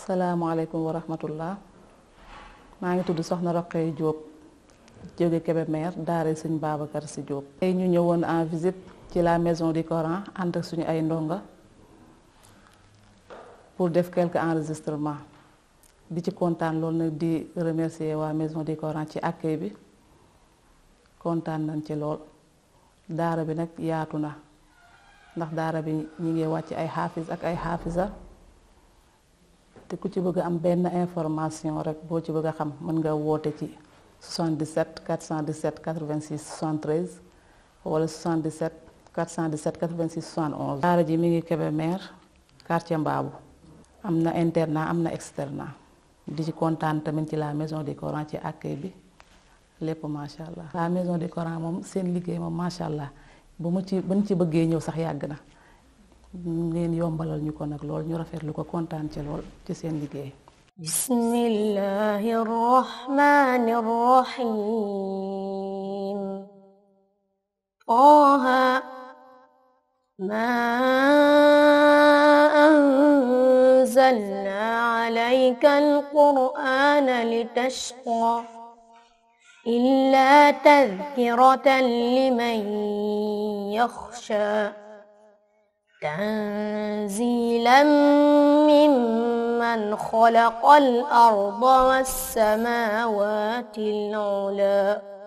salaamaaleykum wa rahmatullah maa ngi tudd soxna Roqee Diop jóge Kébémer daara sëñ Babacar si Diop. tey ñu ñëwoon en visite ci la maison du Coran ànd suñu ay ndonga pour def quelques enregistrements bi ci kontaan loolu nag di remercier waa maison du Coran ci accueil bi kontaan nañ ci lool daara bi nag yaatu na ndax daara bi ñu ngi wàcc ay xaafis ak ay xaafisa te ku ci bëgg am benn information rek boo ci bëgg a xam mën nga woote ci 77 417 86 73 wala 77 417 86 71. daara ji mi ngi Kébémer quartier Mbaabu am na internat am na externat di ci kontaan tamit ci la maison du Coran ci accueil bi lépp macha allah. la maison de courant moom seen liggéey moom macha allah bu mu ci bu ci bëggee ñëw sax yàgg na. ngeen yombalal ñu ko nag lool ñu rafetlu ko kontaan ci lool ci seen liggéey بسم الله الرحمن الرحيم طه ما أنزلنا عليك القرآن لتشقى إلا تذكرة لمن يخشى تنزيلا ممن خلق الأرض والسماوات العلى